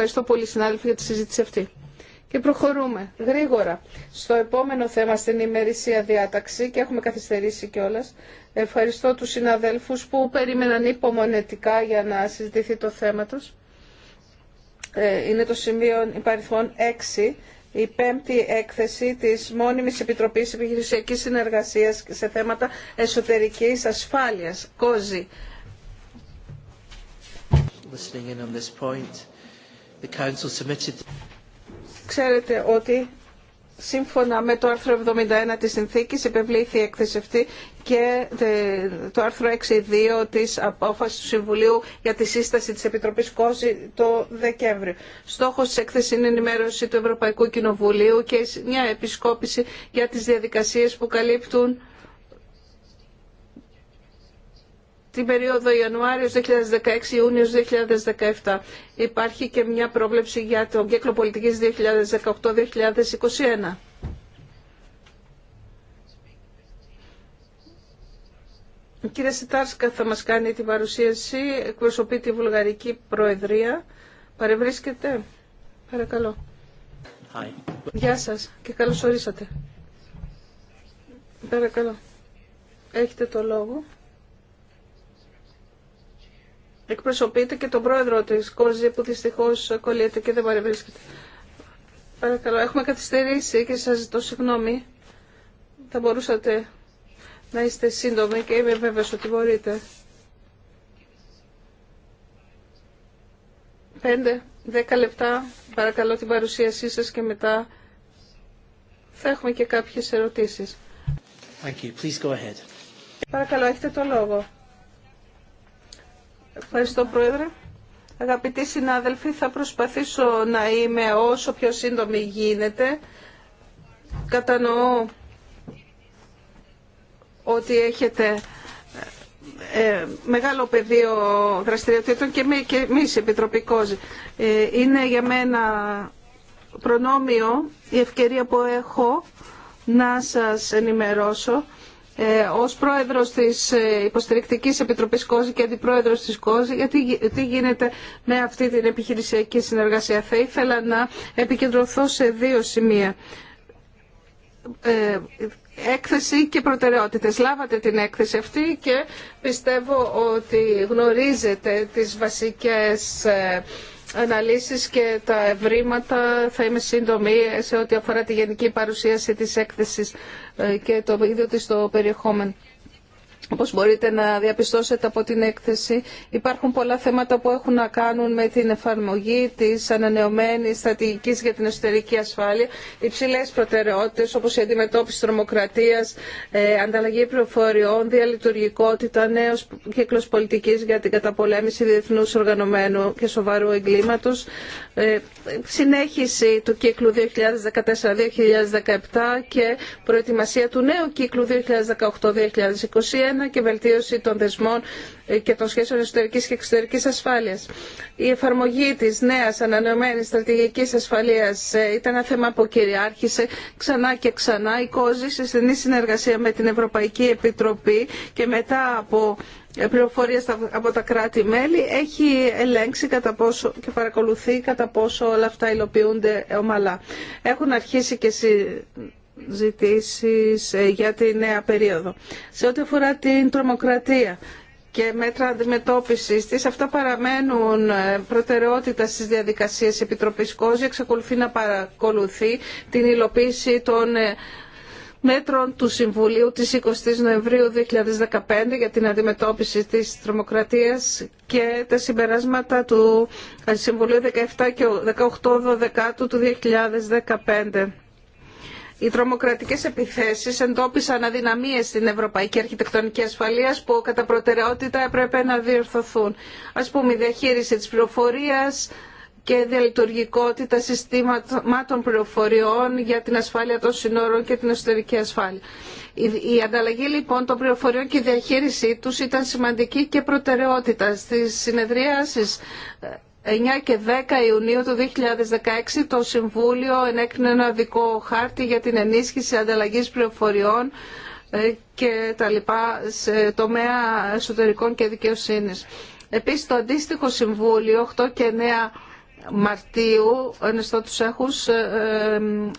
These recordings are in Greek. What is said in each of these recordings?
Ευχαριστώ πολύ συνάδελφοι για τη συζήτηση αυτή. Και προχωρούμε γρήγορα στο επόμενο θέμα στην ημερησία διάταξη και έχουμε καθυστερήσει κιόλα. Ευχαριστώ τους συναδέλφους που περίμεναν υπομονετικά για να συζητηθεί το θέμα τους. Ε, είναι το σημείο υπαριθμών 6, η πέμπτη έκθεση της Μόνιμης Επιτροπής Επιχειρησιακής Συνεργασίας σε θέματα εσωτερικής ασφάλειας, COSI. Ξέρετε ότι σύμφωνα με το άρθρο 71 της συνθήκης επευλήθη η έκθεση αυτή και το άρθρο 6.2 της απόφασης του Συμβουλίου για τη σύσταση της Επιτροπής Κόζη το Δεκέμβριο. Στόχος της έκθεσης είναι η ενημέρωση του Ευρωπαϊκού Κοινοβουλίου και μια επισκόπηση για τις διαδικασίες που καλύπτουν στην περίοδο Ιανουάριος 2016-Ιούνιος 2017. Υπάρχει και μια πρόβλεψη για τον κύκλο πολιτικής 2018-2021. Κύριε Σιτάρσκα θα μας κάνει την παρουσίαση, εκπροσωπεί τη Βουλγαρική Προεδρία. Παρευρίσκεται. Παρακαλώ. Γεια σας και καλώς ορίσατε. Παρακαλώ. Έχετε το λόγο εκπροσωπείτε και τον πρόεδρο της Κόζη που δυστυχώ κολλείται και δεν παρευρίσκεται. Παρακαλώ, έχουμε καθυστερήσει και σας ζητώ συγγνώμη. Θα μπορούσατε να είστε σύντομοι και είμαι βέβαιος ότι μπορείτε. Πέντε, δέκα λεπτά, παρακαλώ την παρουσίασή σας και μετά θα έχουμε και κάποιες ερωτήσεις. Παρακαλώ, έχετε το λόγο. Ευχαριστώ, Πρόεδρε. Αγαπητοί συνάδελφοι, θα προσπαθήσω να είμαι όσο πιο σύντομη γίνεται. Κατανοώ ότι έχετε ε, μεγάλο πεδίο δραστηριοτήτων και εμείς Επιτροπή ε, Είναι για μένα προνόμιο η ευκαιρία που έχω να σας ενημερώσω ε, ως πρόεδρος της ε, Υποστηρικτικής Επιτροπής ΚΟΖΗ και αντιπρόεδρος της ΚΟΖΗ γιατί τι γίνεται με αυτή την επιχειρησιακή συνεργασία. Θα ήθελα να επικεντρωθώ σε δύο σημεία. Ε, έκθεση και προτεραιότητες. Λάβατε την έκθεση αυτή και πιστεύω ότι γνωρίζετε τις βασικές αναλύσεις και τα ευρήματα. Θα είμαι σύντομη σε ό,τι αφορά τη γενική παρουσίαση της έκθεσης ε, και το ίδιο της το περιεχόμενο. Όπως μπορείτε να διαπιστώσετε από την έκθεση, υπάρχουν πολλά θέματα που έχουν να κάνουν με την εφαρμογή της ανανεωμένη στρατηγικής για την εσωτερική ασφάλεια, υψηλές προτεραιότητες όπως η αντιμετώπιση τρομοκρατίας, ε, ανταλλαγή πληροφοριών, διαλειτουργικότητα, νέος κύκλος πολιτικής για την καταπολέμηση διεθνούς οργανωμένου και σοβαρού εγκλήματος, ε, συνέχιση του κύκλου 2014-2017 και προετοιμασία του νέου κύκλου 2018-2021, και βελτίωση των δεσμών ε, και των σχέσεων εσωτερικής και εξωτερικής ασφάλειας. Η εφαρμογή της νέας ανανεωμένης στρατηγικής ασφαλείας ε, ήταν ένα θέμα που κυριάρχησε ξανά και ξανά. Η ΚΟΖΗ σε στενή συνεργασία με την Ευρωπαϊκή Επιτροπή και μετά από ε, πληροφορίες από τα κράτη-μέλη έχει ελέγξει κατά πόσο και παρακολουθεί κατά πόσο όλα αυτά υλοποιούνται ομαλά. Έχουν αρχίσει και συ ζητήσεις ε, για τη νέα περίοδο. Σε ό,τι αφορά την τρομοκρατία και μέτρα αντιμετώπιση, τη, αυτά παραμένουν ε, προτεραιότητα στις διαδικασίες Επιτροπή Κόζη, εξακολουθεί να παρακολουθεί την υλοποίηση των ε, μέτρων του Συμβουλίου της 20 Νοεμβρίου 2015 για την αντιμετώπιση της τρομοκρατίας και τα συμπεράσματα του Συμβουλίου 17 και 18 12 του 2015. Οι τρομοκρατικέ επιθέσεις εντόπισαν αδυναμίες στην ευρωπαϊκή αρχιτεκτονική ασφάλεια, που κατά προτεραιότητα έπρεπε να διορθωθούν. α πούμε η διαχείριση της πληροφορία και διαλειτουργικότητα συστήματων πληροφοριών για την ασφάλεια των συνόρων και την εσωτερική ασφάλεια. Η ανταλλαγή λοιπόν των πληροφοριών και η διαχείρισή τους ήταν σημαντική και προτεραιότητα. Στις συνεδριάσεις 9 και 10 Ιουνίου του 2016 το Συμβούλιο ενέκρινε ένα δικό χάρτη για την ενίσχυση ανταλλαγής πληροφοριών ε, και τα λοιπά σε τομέα εσωτερικών και δικαιοσύνης. Επίσης το αντίστοιχο Συμβούλιο 8 και 9 Μαρτίου, ενιστώ τους έχους, ε, ε,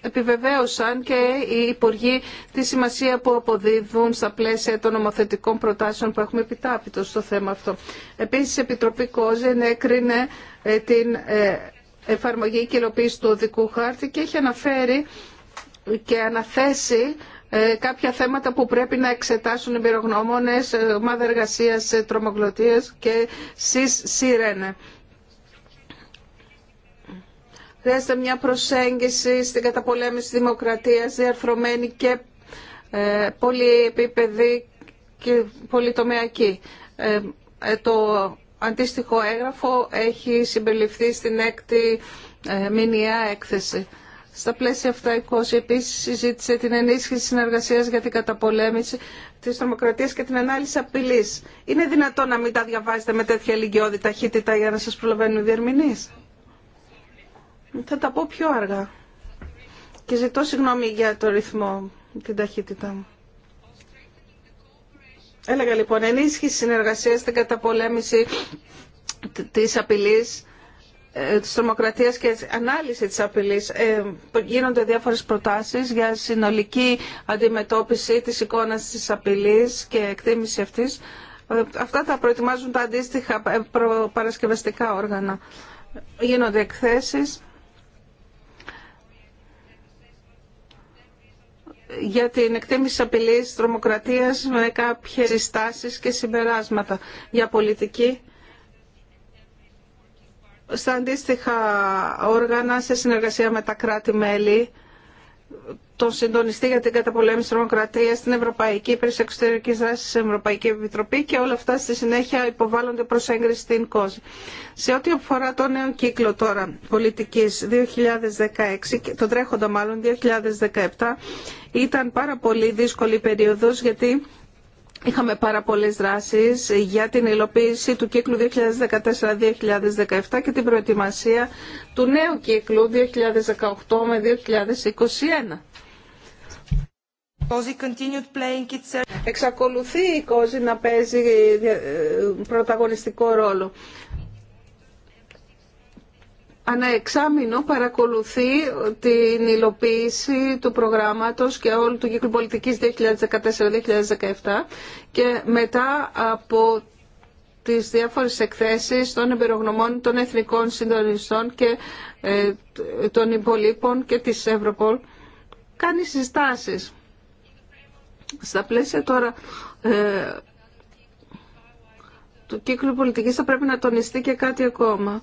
επιβεβαίωσαν και οι Υπουργοί τη σημασία που αποδίδουν στα πλαίσια των νομοθετικών προτάσεων που έχουμε επιτάπητο στο θέμα αυτό. Επίσης, η Επιτροπή Κόζεν έκρινε ε, την ε, εφαρμογή και υλοποίηση του οδικού χάρτη και έχει αναφέρει και αναθέσει ε, κάποια θέματα που πρέπει να εξετάσουν πυρογνώμονες, ομάδα εργασίας τρομογλωτίες και ΣΥΣ-ΣΥΡΕΝΕ. Χρειάζεται μια προσέγγιση στην καταπολέμηση της δημοκρατίας διαρθρωμένη και ε, πολυεπίπεδη και πολυτομεακή. Ε, ε το αντίστοιχο έγγραφο έχει συμπεριληφθεί στην έκτη ε, μηνιαία έκθεση. Στα πλαίσια αυτά η ΚΟΣ επίσης συζήτησε την ενίσχυση συνεργασίας για την καταπολέμηση της δημοκρατίας και την ανάλυση απειλής. Είναι δυνατό να μην τα διαβάζετε με τέτοια ηλικιώδη ταχύτητα για να σας προλαβαίνουν οι διερμηνείς. Θα τα πω πιο αργά. Και ζητώ συγγνώμη για το ρυθμό, την ταχύτητά μου. Έλεγα λοιπόν, ενίσχυση συνεργασία στην καταπολέμηση της απειλής ε, της τρομοκρατίας και ανάλυση της απειλής ε, γίνονται διάφορες προτάσεις για συνολική αντιμετώπιση της εικόνας της απειλής και εκτίμηση αυτής. Ε, αυτά τα προετοιμάζουν τα αντίστοιχα παρασκευαστικά όργανα. Γίνονται εκθέσεις για την εκτίμηση απειλής τρομοκρατίας με κάποιες συστάσεις και συμπεράσματα για πολιτική στα αντίστοιχα όργανα σε συνεργασία με τα κράτη-μέλη τον συντονιστή για την καταπολέμηση της τρομοκρατίας στην Ευρωπαϊκή Υπηρεσία Εξωτερικής Δράσης στην Ευρωπαϊκή Επιτροπή και όλα αυτά στη συνέχεια υποβάλλονται προς έγκριση στην ΚΟΣ. Σε ό,τι αφορά το νέο κύκλο τώρα πολιτικής 2016, το τρέχοντα μάλλον 2017, ήταν πάρα πολύ δύσκολη περίοδος γιατί Είχαμε πάρα πολλές δράσεις για την υλοποίηση του κύκλου 2014-2017 και την προετοιμασία του νέου κύκλου 2018 2021. Εξακολουθεί η Κόζη να παίζει ε, πρωταγωνιστικό ρόλο. εξάμεινο παρακολουθεί την υλοποίηση του προγράμματος και όλου του κύκλου πολιτικής 2014-2017 και μετά από τις διάφορες εκθέσεις των εμπειρογνωμών των εθνικών συντονιστών και ε, των υπολείπων και της Ευρωπόλ κάνει συστάσεις στα πλαίσια τώρα ε, του κύκλου πολιτικής θα πρέπει να τονιστεί και κάτι ακόμα.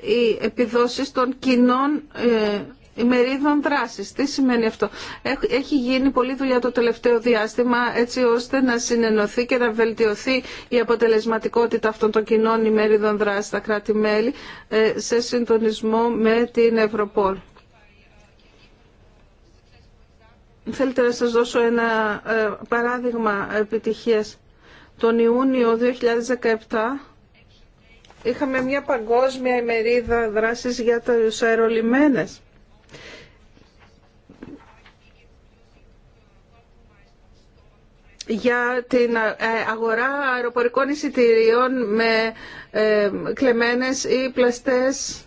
Οι επιδόσεις των κοινών ε, ημερίδων δράσης. Τι σημαίνει αυτό. Έχει γίνει πολλή δουλειά το τελευταίο διάστημα έτσι ώστε να συνενωθεί και να βελτιωθεί η αποτελεσματικότητα αυτών των κοινών ημερίδων δράσης στα κράτη-μέλη ε, σε συντονισμό με την Ευρωπόλ. Θέλετε να σας δώσω ένα ε, παράδειγμα επιτυχίας. Τον Ιούνιο 2017 είχαμε μια παγκόσμια ημερίδα δράσης για τους αερολιμένες. για την ε, αγορά αεροπορικών εισιτηρίων με ε, κλεμμένες ή πλαστές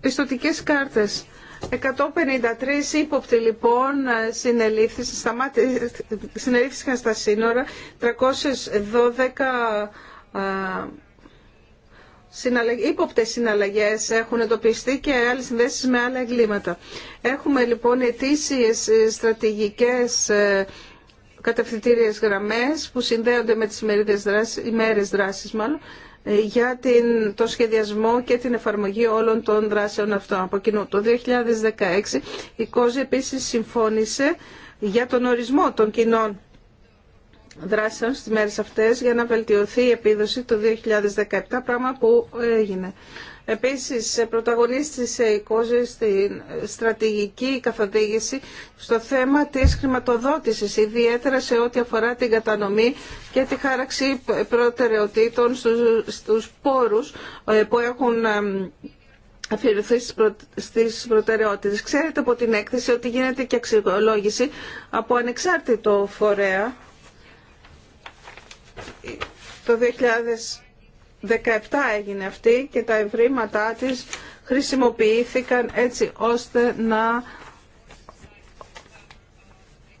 πιστοτικές κάρτες. 153 ύποπτοι λοιπόν συνελήφθησαν, στα σύνορα, 312 συναλλαγές, ύποπτες συναλλαγές έχουν εντοπιστεί και άλλες συνδέσεις με άλλα εγκλήματα. Έχουμε λοιπόν ετήσιες ε, στρατηγικές ε, κατευθυντήριες γραμμές που συνδέονται με τις ημέρες δράσης, ημέρες μάλλον, για την, το σχεδιασμό και την εφαρμογή όλων των δράσεων αυτών από κοινού. Το 2016 η ΚΟΖΗ επίσης συμφώνησε για τον ορισμό των κοινών δράσεων στις μέρες αυτές για να βελτιωθεί η επίδοση το 2017, πράγμα που έγινε. Επίσης, πρωταγωνίστησε η Κόζη στην στρατηγική καθοδήγηση στο θέμα της χρηματοδότησης, ιδιαίτερα σε ό,τι αφορά την κατανομή και τη χάραξη προτεραιοτήτων στους πόρους ε, που έχουν ε, αφιερωθεί στις προτεραιότητες. Ξέρετε από την έκθεση ότι γίνεται και αξιολόγηση από ανεξάρτητο φορέα το 2017 έγινε αυτή και τα ευρήματά της χρησιμοποιήθηκαν έτσι ώστε να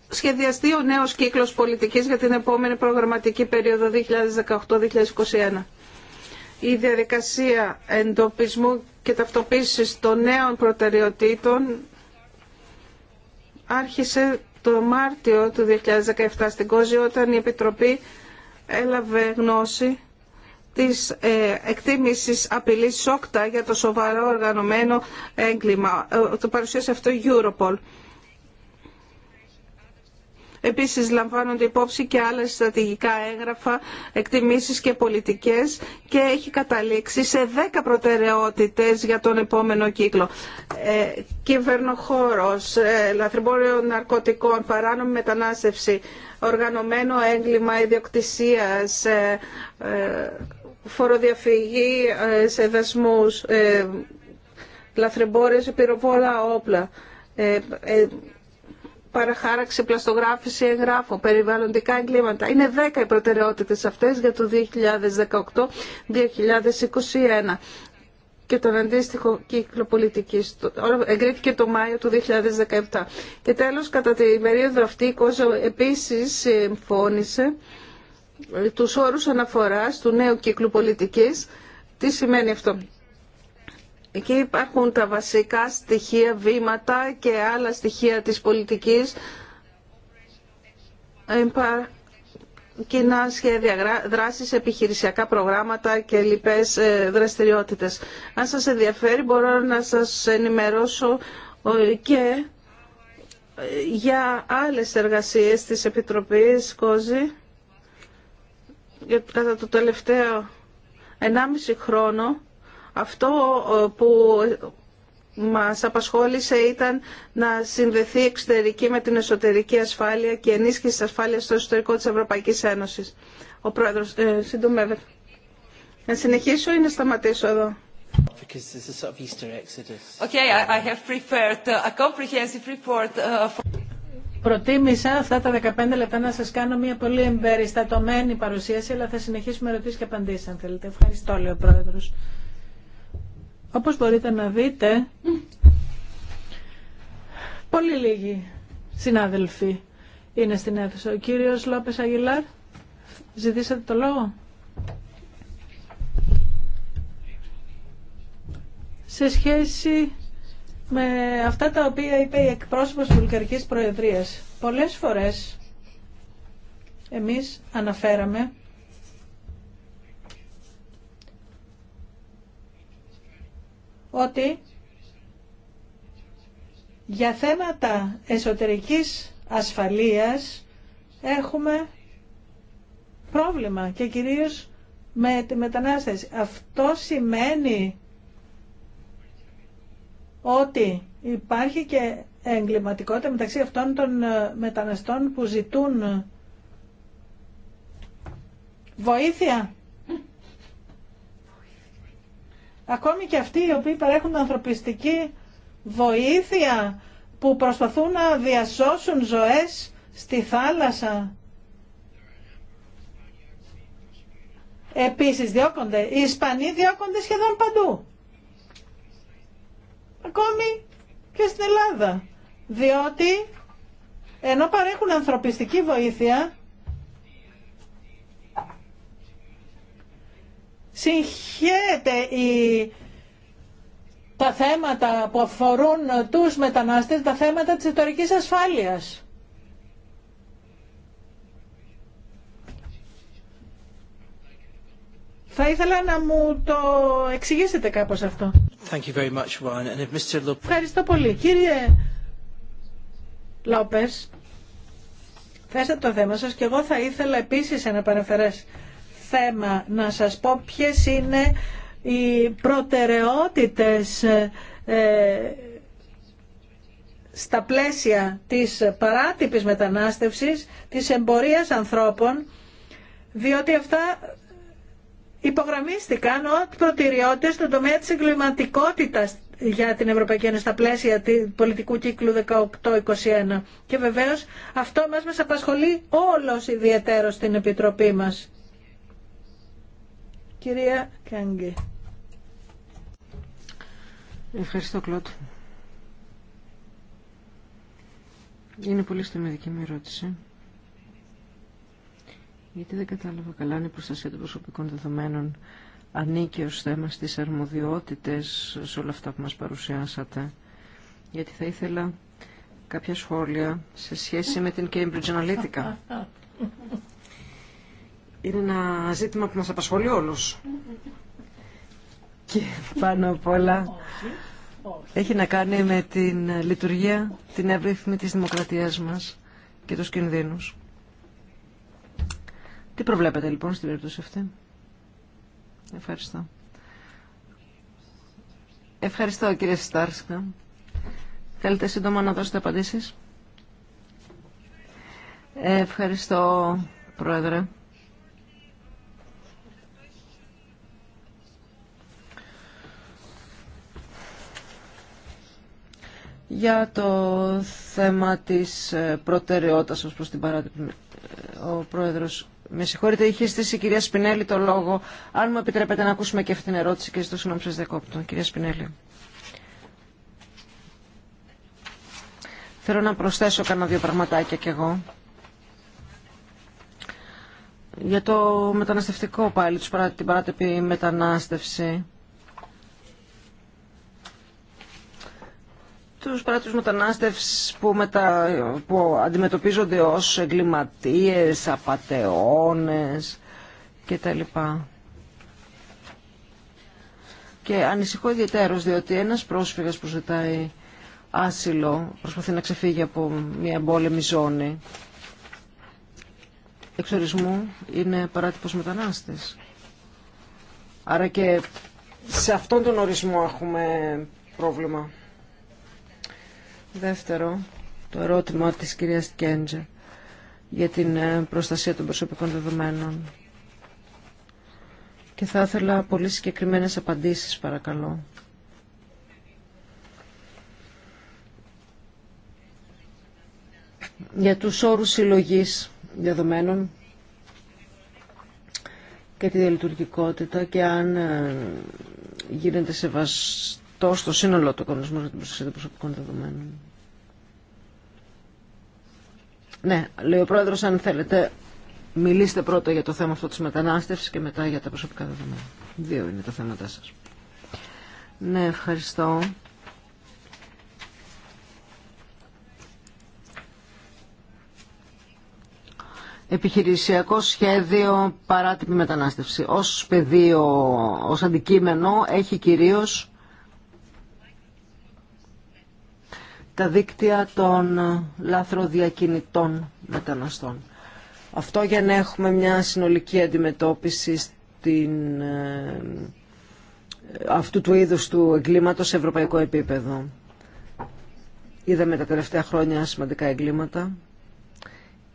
σχεδιαστεί ο νέος κύκλος πολιτικής για την επόμενη προγραμματική περίοδο 2018-2021. Η διαδικασία εντοπισμού και ταυτοποίησης των νέων προτεραιοτήτων άρχισε το Μάρτιο του 2017 στην Κόζη όταν η Επιτροπή έλαβε γνώση της ε, εκτίμησης απειλής σόκτα για το σοβαρό οργανωμένο έγκλημα. Ε, το παρουσίασε αυτό η Europol. Επίσης λαμβάνονται υπόψη και άλλες στρατηγικά έγγραφα, εκτιμήσεις και πολιτικές και έχει καταλήξει σε 10 προτεραιότητες για τον επόμενο κύκλο. Ε, κυβερνοχώρος, ε, λαθρεμπόριο ναρκωτικών, παράνομη μετανάστευση, οργανωμένο έγκλημα ιδιοκτησίας, ε, ε φοροδιαφυγή ε, σε δασμούς, ε, λαθρεμπόρες, πυροβόλα όπλα, παραχάραξη, πλαστογράφηση εγγράφο, περιβαλλοντικά εγκλήματα. Είναι 10 οι προτεραιότητες αυτές για το 2018-2021 και τον αντίστοιχο κύκλο πολιτική. Εγκρίθηκε το Μάιο του 2017. Και τέλο, κατά την περίοδο αυτή, η ΚΟΖΟ επίση συμφώνησε του όρου αναφορά του νέου κύκλου πολιτική. Τι σημαίνει αυτό. Εκεί υπάρχουν τα βασικά στοιχεία, βήματα και άλλα στοιχεία της πολιτικής. Κοινά σχέδια δράσης, επιχειρησιακά προγράμματα και λοιπές ε, δραστηριότητες. Αν σας ενδιαφέρει μπορώ να σας ενημερώσω ε, και ε, για άλλες εργασίες της Επιτροπής Κόζη. Κατά το τελευταίο 1,5 χρόνο αυτό ε, που μας απασχόλησε ήταν να συνδεθεί εξωτερική με την εσωτερική ασφάλεια και ενίσχυση της ασφάλειας στο εσωτερικό της Ευρωπαϊκής Ένωσης. Ο πρόεδρος ε, Να συνεχίσω ή να σταματήσω εδώ. Προτίμησα αυτά τα 15 λεπτά να σας κάνω μια πολύ εμπεριστατωμένη παρουσίαση, αλλά θα συνεχίσουμε ερωτήσεις και απαντήσεις αν θέλετε. Ευχαριστώ, λέει ο Πρόεδρος. Όπως μπορείτε να δείτε, πολύ λίγοι συνάδελφοι είναι στην αίθουσα. Ο κύριος Λόπες Αγγιλάρ, ζητήσατε το λόγο. Σε σχέση με αυτά τα οποία είπε η εκπρόσωπος της Βουλγαρικής Προεδρίας, πολλές φορές εμείς αναφέραμε ότι για θέματα εσωτερικής ασφαλείας έχουμε πρόβλημα και κυρίως με τη μετανάστευση. Αυτό σημαίνει ότι υπάρχει και εγκληματικότητα μεταξύ αυτών των ε, μεταναστών που ζητούν βοήθεια ακόμη και αυτοί οι οποίοι παρέχουν ανθρωπιστική βοήθεια που προσπαθούν να διασώσουν ζωές στη θάλασσα. Επίσης διώκονται. Οι Ισπανοί διώκονται σχεδόν παντού. Ακόμη και στην Ελλάδα. Διότι ενώ παρέχουν ανθρωπιστική βοήθεια Συγχαίρεται η... τα θέματα που αφορούν τους μετανάστες, τα θέματα της ιστορικής ασφάλειας. Θα ήθελα να μου το εξηγήσετε κάπως αυτό. Ευχαριστώ πολύ. Κύριε Λόπες, θέσατε το θέμα σας και εγώ θα ήθελα επίσης ενα παρεμφερές θέμα να σας πω ποιες είναι οι προτεραιότητες ε, στα πλαίσια της παράτυπης μετανάστευσης, της εμπορίας ανθρώπων, διότι αυτά υπογραμμίστηκαν ως προτεραιότητες στον τομέα της εγκληματικότητα για την Ευρωπαϊκή Ένωση στα πλαίσια του πολιτικού κύκλου 18-21. Και βεβαίως αυτό μας μας απασχολεί όλος ιδιαίτερο στην Επιτροπή μας. Κυρία Ευχαριστώ, Κλώτ. Είναι πολύ στενή δική μου ερώτηση. Γιατί δεν κατάλαβα καλά αν η προστασία των προσωπικών δεδομένων ανήκει ως θέμα στις αρμοδιότητες σε όλα αυτά που μας παρουσιάσατε. Γιατί θα ήθελα κάποια σχόλια σε σχέση με την Cambridge Analytica είναι ένα ζήτημα που μας απασχολεί όλους. Και πάνω απ' όλα έχει να κάνει με την λειτουργία, την εύρυθμη της δημοκρατίας μας και τους κινδύνους. Τι προβλέπετε λοιπόν στην περίπτωση αυτή. Ευχαριστώ. Ευχαριστώ κύριε Στάρσκα. Θέλετε σύντομα να δώσετε απαντήσεις. Ευχαριστώ πρόεδρε. για το θέμα της ε, προτεραιότητας ως προς την παράδειγμα, Ο Πρόεδρος, με συγχωρείτε, είχε στήσει η κυρία Σπινέλη το λόγο. Αν μου επιτρέπετε να ακούσουμε και αυτή την ερώτηση και στο συγγνώμη σας διακόπτω. Κυρία Σπινέλη. Θέλω να προσθέσω κάνα δύο πραγματάκια κι εγώ. Για το μεταναστευτικό πάλι, την παράτυπη μετανάστευση. τους πράτους μετανάστευσης που, μετα... που αντιμετωπίζονται ως εγκληματίες, απατεώνες και κτλ. Και ανησυχώ ιδιαίτερος διότι ένας πρόσφυγας που ζητάει άσυλο προσπαθεί να ξεφύγει από μια εμπόλεμη ζώνη εξορισμού είναι παράτυπος μετανάστες. Άρα και σε αυτόν τον ορισμό έχουμε πρόβλημα. Δεύτερο, το ερώτημα της κυρίας Κέντζε για την ε, προστασία των προσωπικών δεδομένων. Και θα ήθελα πολύ συγκεκριμένες απαντήσεις, παρακαλώ. Για τους όρους συλλογής δεδομένων και τη διαλειτουργικότητα και αν ε, γίνεται σεβαστό Τόσο στο σύνολο του οικονομισμού για την προστασία των προσωπικών δεδομένων. Ναι, λέει ο πρόεδρος, αν θέλετε, μιλήστε πρώτα για το θέμα αυτό της μετανάστευσης και μετά για τα προσωπικά δεδομένα. Δύο είναι τα θέματα σας. Ναι, ευχαριστώ. επιχειρησιακό σχέδιο παράτυπη μετανάστευση. Ως πεδίο, ως αντικείμενο έχει κυρίως τα δίκτυα των λαθροδιακινητών μεταναστών. Αυτό για να έχουμε μια συνολική αντιμετώπιση στην, ε, αυτού του είδους του εγκλήματος σε ευρωπαϊκό επίπεδο. Είδαμε τα τελευταία χρόνια σημαντικά εγκλήματα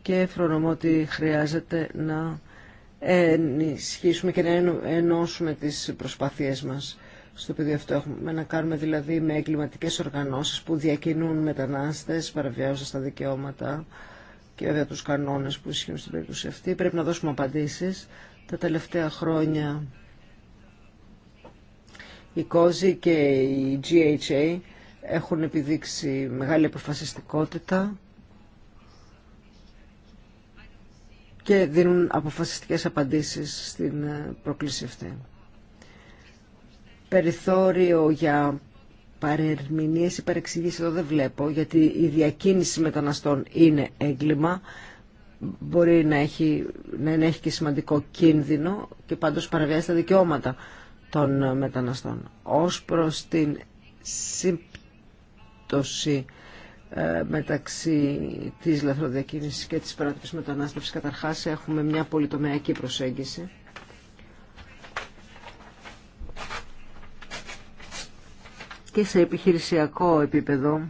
και φρονομώ ότι χρειάζεται να ενισχύσουμε και να ενώσουμε τις προσπάθειές μας στο πεδίο αυτό έχουμε να κάνουμε δηλαδή με εγκληματικές οργανώσεις που διακινούν μετανάστες παραβιάζοντας τα δικαιώματα και βέβαια τους κανόνες που ισχύουν στην περίπτωση αυτή. Πρέπει να δώσουμε απαντήσεις. Τα τελευταία χρόνια η COSI και η GHA έχουν επιδείξει μεγάλη αποφασιστικότητα και δίνουν αποφασιστικές απαντήσεις στην ε, πρόκληση αυτή περιθώριο για παρερμηνίες ή παρεξηγήσεις εδώ δεν βλέπω, γιατί η διακίνηση μεταναστών είναι έγκλημα, μπορεί να έχει, να έχει και σημαντικό κίνδυνο και πάντως παραβιάζει τα δικαιώματα των ε, μεταναστών. Ως προς την σύμπτωση ε, μεταξύ της λαθροδιακίνησης και της παράτυπης μετανάστευσης, καταρχάς έχουμε μια πολυτομιακή προσέγγιση και σε επιχειρησιακό επίπεδο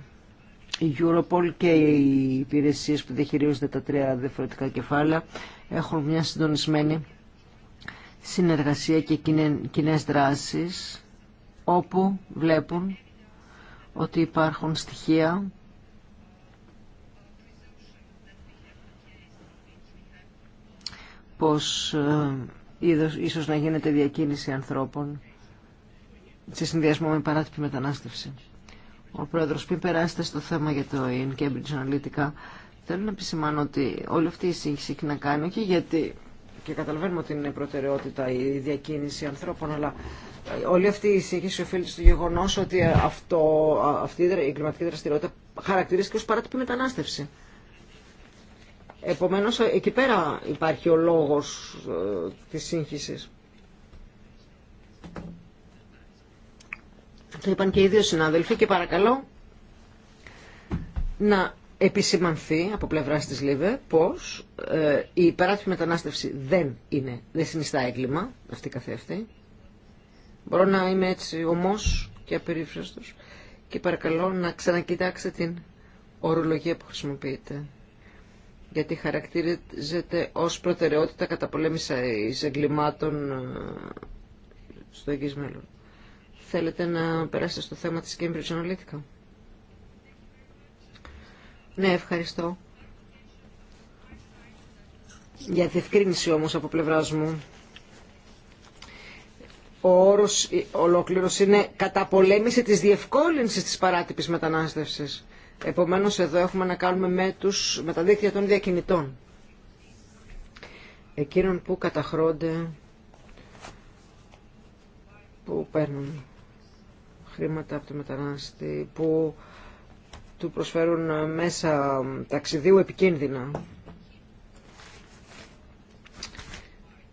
η Europol και οι υπηρεσίε που διαχειρίζονται τα τρία διαφορετικά κεφάλαια έχουν μια συντονισμένη συνεργασία και κοινέ δράσεις όπου βλέπουν ότι υπάρχουν στοιχεία πως ε, ίσως να γίνεται διακίνηση ανθρώπων σε συνδυασμό με παράτυπη μετανάστευση. Ο πρόεδρο πριν περάσετε στο θέμα για το In Cambridge Analytica, θέλω να επισημάνω ότι όλη αυτή η σύγχυση έχει να κάνει και γιατί και καταλαβαίνουμε ότι είναι προτεραιότητα η διακίνηση ανθρώπων, αλλά ε, όλη αυτή η σύγχυση οφείλεται στο γεγονό ότι αυτό, αυτή η κλιματική δραστηριότητα χαρακτηρίζεται ω παράτυπη μετανάστευση. Επομένως, ε, εκεί πέρα υπάρχει ο λόγος ε, της σύγχυσης. Το είπαν και οι δύο συνάδελφοι και παρακαλώ να επισημανθεί από πλευρά τη ΛΥΒΕ πω ε, η παράτυπη μετανάστευση δεν, είναι, δεν συνιστά έγκλημα αυτή αυτή. Μπορώ να είμαι έτσι ομό και απερίφραστο και παρακαλώ να ξανακοιτάξετε την ορολογία που χρησιμοποιείτε. Γιατί χαρακτηρίζεται ω προτεραιότητα καταπολέμηση εγκλημάτων ε, στο εγγύ μέλλον. Θέλετε να περάσετε στο θέμα της Cambridge Analytica. Ναι, ευχαριστώ. Για διευκρίνηση όμως από πλευράς μου. Ο όρος ολόκληρος είναι καταπολέμηση της διευκόλυνσης της παράτυπης μετανάστευσης. Επομένως εδώ έχουμε να κάνουμε με, τους, με τα δίκτυα των διακινητών. Εκείνων που καταχρώνται, που παίρνουν χρήματα από το μετανάστη που του προσφέρουν μέσα ταξιδίου επικίνδυνα.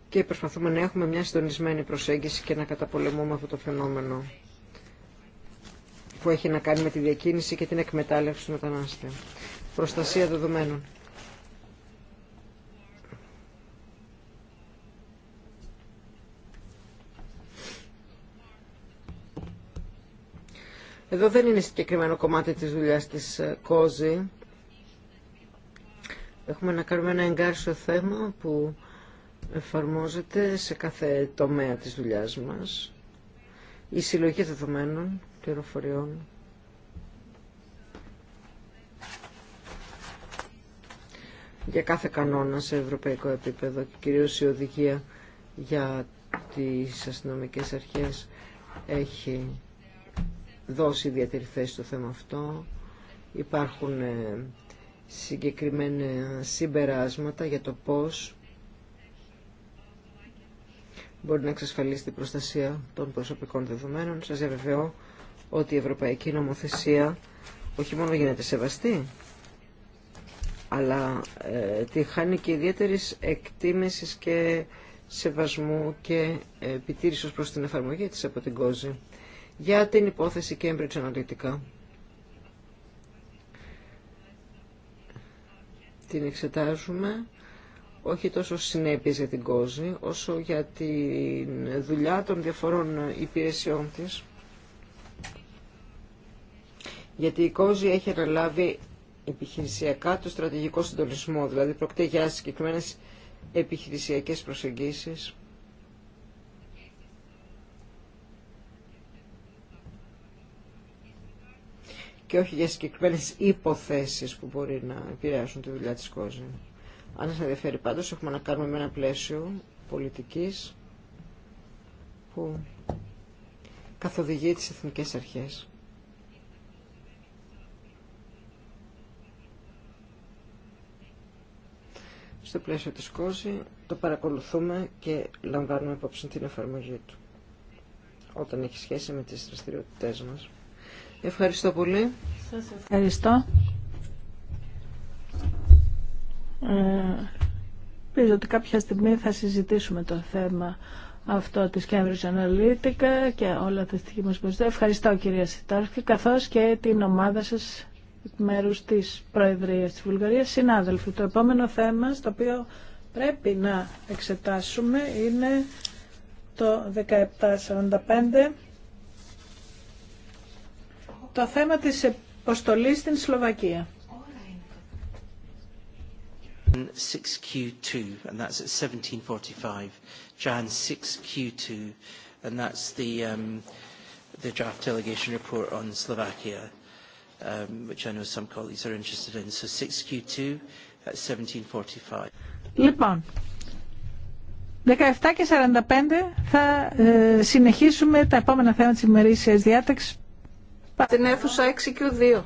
Και προσπαθούμε να έχουμε μια συντονισμένη προσέγγιση και να καταπολεμούμε αυτό το φαινόμενο που έχει να κάνει με τη διακίνηση και την εκμετάλλευση του μετανάστη. Προστασία δεδομένων. Εδώ δεν είναι συγκεκριμένο κομμάτι της δουλειάς της ε, ΚΟΖΗ. Έχουμε να κάνουμε ένα εγκάρσιο θέμα που εφαρμόζεται σε κάθε τομέα της δουλειάς μας. Η συλλογή δεδομένων, πληροφοριών. Για κάθε κανόνα σε ευρωπαϊκό επίπεδο και κυρίως η οδηγία για τις αστυνομικές αρχές έχει δώσει ιδιαίτερη θέση στο θέμα αυτό. Υπάρχουν ε, συγκεκριμένα συμπεράσματα για το πώς μπορεί να εξασφαλίσει την προστασία των προσωπικών δεδομένων. Σας διαβεβαιώ ότι η Ευρωπαϊκή Νομοθεσία όχι μόνο γίνεται σεβαστή, αλλά ε, τη χάνει και ιδιαίτερη εκτίμηση και σεβασμού και επιτήρηση προς την εφαρμογή της από την κόζη για την υπόθεση Cambridge Analytica. Την εξετάζουμε όχι τόσο συνέπειες για την κόζη, όσο για τη δουλειά των διαφορών υπηρεσιών της. Γιατί η κόζη έχει αναλάβει επιχειρησιακά το στρατηγικό συντονισμό, δηλαδή πρόκειται για συγκεκριμένε επιχειρησιακές προσεγγίσεις και όχι για συγκεκριμένε υποθέσεις που μπορεί να επηρεάσουν τη δουλειά τη κόζη. Αν σα ενδιαφέρει πάντω, έχουμε να κάνουμε με ένα πλαίσιο πολιτικής που καθοδηγεί τι εθνικέ αρχές. Στο πλαίσιο της κόζη το παρακολουθούμε και λαμβάνουμε υπόψη την εφαρμογή του όταν έχει σχέση με τις δραστηριότητε μας. Ευχαριστώ πολύ. Σας ευχαριστώ. Ε, ότι κάποια στιγμή θα συζητήσουμε το θέμα αυτό της Cambridge Analytica και όλα τα στοιχεία μας προσθέτω. Ευχαριστώ κυρία Σιτάρφη, καθώς και την ομάδα σας μέρους της Προεδρίας της Βουλγαρίας. Συνάδελφοι, το επόμενο θέμα στο οποίο πρέπει να εξετάσουμε είναι το 1745 το θέμα της αποστολής στην Σλοβακία. 6Q2, and that's at 17.45. Jan 6Q2, and that's the, um, the draft delegation report on Slovakia, um, which I know some colleagues are interested in. So 6Q2 at 17.45. Λοιπόν, 17 και 45 θα ε, συνεχίσουμε τα επόμενα θέματα της ημερήσιας διάταξης στην αίθουσα 6Q2.